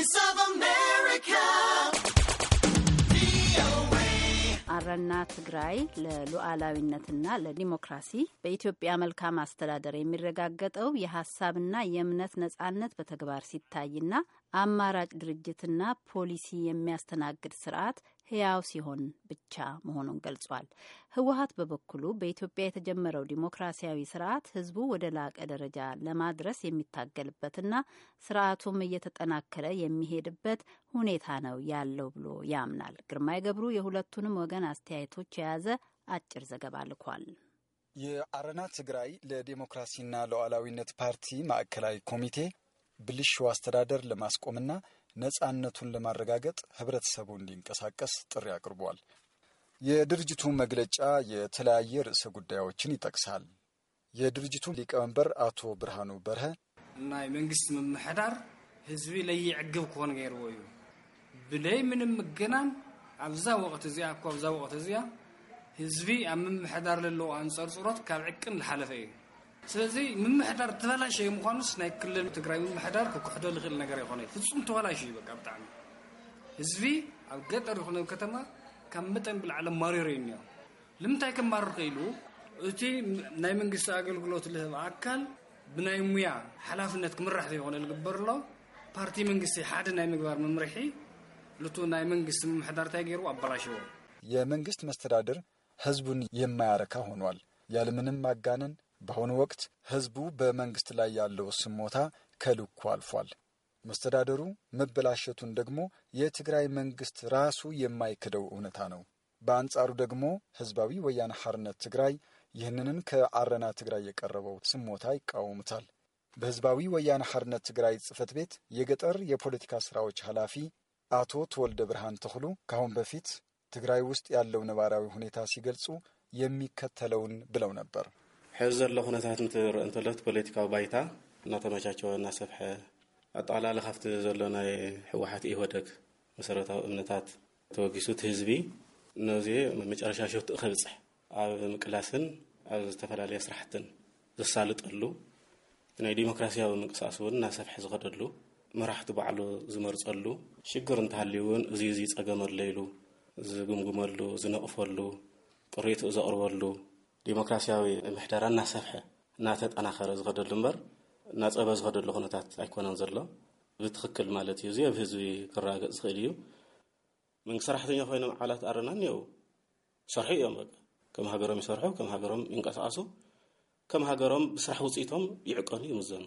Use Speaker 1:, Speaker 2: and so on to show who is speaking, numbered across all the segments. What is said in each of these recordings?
Speaker 1: Voice of America.
Speaker 2: አረና ትግራይ ለሉዓላዊነትና ለዲሞክራሲ በኢትዮጵያ መልካም አስተዳደር የሚረጋገጠው የሀሳብና የእምነት ነጻነት በተግባር ሲታይና አማራጭ ድርጅትና ፖሊሲ የሚያስተናግድ ስርዓት ህያው ሲሆን ብቻ መሆኑን ገልጿል። ህወሀት በበኩሉ በኢትዮጵያ የተጀመረው ዲሞክራሲያዊ ስርዓት ህዝቡ ወደ ላቀ ደረጃ ለማድረስ የሚታገልበትና ስርዓቱም እየተጠናከረ የሚሄድበት ሁኔታ ነው ያለው ብሎ ያምናል። ግርማይ ገብሩ የሁለቱንም ወገን አስተያየቶች የያዘ አጭር ዘገባ ልኳል።
Speaker 1: የአረና ትግራይ ለዴሞክራሲና ሉዓላዊነት ፓርቲ ማዕከላዊ ኮሚቴ ብልሹ አስተዳደር ለማስቆምና ነጻነቱን ለማረጋገጥ ህብረተሰቡ እንዲንቀሳቀስ ጥሪ አቅርቧል። የድርጅቱ መግለጫ የተለያየ ርዕሰ ጉዳዮችን ይጠቅሳል። የድርጅቱ ሊቀመንበር አቶ ብርሃኑ በርሀ
Speaker 3: ናይ መንግስት ምምሕዳር ህዝቢ ለይዕግብ ክኾን ገይርዎ እዩ ብለይ ምንም ምገናን ኣብዛ ወቅት እዚኣ እኳ ኣብዛ ወቅት እዚኣ ህዝቢ ኣብ ምምሕዳር ዘለዎ ኣንፀር ፅሮት ካብ ዕቅን ዝሓለፈ እዩ ስለዚ ምምሕዳር ተበላሸየ ምዃኑስ ናይ ክልል ትግራይ ምምሕዳር ክኩሕዶ ዝኽእል ነገር ይኮነ ፍፁም ተበላሽ እዩ በቃ ብጣዕሚ ህዝቢ ኣብ ገጠር ይኮነ ከተማ ካብ መጠን ብላዕለ ማሪሮ እዩ እኒኦ ንምንታይ ከማርር ክኢሉ እቲ ናይ መንግስቲ ኣገልግሎት ዝህብ ኣካል ብናይ ሙያ ሓላፍነት ክምራሕ ዘይኮነ ዝግበርሎ ፓርቲ መንግስቲ ሓደ ናይ ምግባር መምርሒ ልቱ ናይ መንግስቲ ምምሕዳር እንታይ ገይሩ ኣበላሸዎ
Speaker 1: የመንግስት መስተዳድር ህዝቡን የማያረካ ሆኗል ያለምንም ማጋነን በአሁኑ ወቅት ህዝቡ በመንግስት ላይ ያለው ስሞታ ከልኩ አልፏል። መስተዳደሩ መበላሸቱን ደግሞ የትግራይ መንግስት ራሱ የማይክደው እውነታ ነው። በአንጻሩ ደግሞ ህዝባዊ ወያነ ሐርነት ትግራይ ይህንንን ከአረና ትግራይ የቀረበው ስሞታ ይቃወሙታል። በህዝባዊ ወያነ ሐርነት ትግራይ ጽህፈት ቤት የገጠር የፖለቲካ ስራዎች ኃላፊ አቶ ተወልደ ብርሃን ተኽሉ ካሁን በፊት ትግራይ ውስጥ ያለው ነባራዊ ሁኔታ ሲገልጹ የሚከተለውን ብለው ነበር።
Speaker 4: ሕዚ ዘሎ ኩነታት እንትርኢ እንተሎ እቲ ፖለቲካዊ ባይታ እናተመቻቸወ እናሰፍሐ ኣጠቃላለ ካብቲ ዘሎ ናይ ሕወሓት ኢህወደግ መሰረታዊ እምነታት ተወጊሱ እቲ ህዝቢ ነዚ መጨረሻ ሸውትኡ ከብፅሕ ኣብ ምቅላስን ኣብ ዝተፈላለየ ስራሕትን ዘሳልጠሉ እቲ ናይ ዲሞክራሲያዊ ምንቅስቃስ እውን እናሰፍሐ ዝኸደሉ መራሕቲ ባዕሉ ዝመርፀሉ ሽግር እንተሃልዩ እውን እዚ እዚ ፀገም ኣለ ኢሉ ዝግምግመሉ ዝነቕፈሉ ጥሪቱ ዘቕርበሉ ዲሞክራሲያዊ ምሕደራ እናሰፍሐ እናተጠናኸረ ዝኸደሉ እምበር እናፀበ ዝኸደሉ ኩነታት ኣይኮነን ዘሎ ብትክክል ማለት እዩ እዚ ኣብ ህዝቢ ክረጋገፅ ዝኽእል እዩ መንግስቲ ሰራሕተኛ ኮይኖም ዓላት ኣረና እኒአው ይሰርሑ እዮም በ ከም ሃገሮም ይሰርሑ ከም ሃገሮም ይንቀሳቐሱ ከም ሃገሮም ብስራሕ ውፅኢቶም ይዕቀኑ ይምዘኑ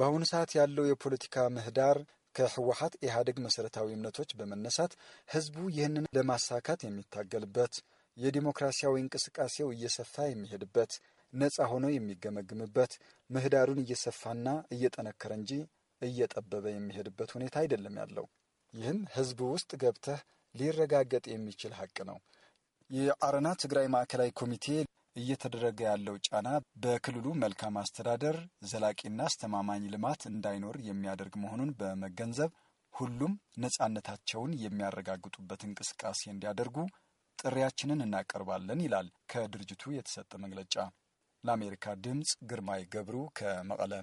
Speaker 1: በአሁኑ ሰዓት ያለው የፖለቲካ ምህዳር ከህወሓት ኢህአዴግ መሰረታዊ እምነቶች በመነሳት ህዝቡ ይህንን ለማሳካት የሚታገልበት የዲሞክራሲያዊ እንቅስቃሴው እየሰፋ የሚሄድበት ነፃ ሆኖ የሚገመግምበት ምህዳሩን እየሰፋና እየጠነከረ እንጂ እየጠበበ የሚሄድበት ሁኔታ አይደለም ያለው። ይህም ህዝብ ውስጥ ገብተህ ሊረጋገጥ የሚችል ሀቅ ነው። የአረና ትግራይ ማዕከላዊ ኮሚቴ እየተደረገ ያለው ጫና በክልሉ መልካም አስተዳደር ዘላቂና አስተማማኝ ልማት እንዳይኖር የሚያደርግ መሆኑን በመገንዘብ ሁሉም ነፃነታቸውን የሚያረጋግጡበት እንቅስቃሴ እንዲያደርጉ ጥሪያችንን እናቀርባለን ይላል ከድርጅቱ የተሰጠ መግለጫ። ለአሜሪካ ድምፅ ግርማይ ገብሩ ከመቀለ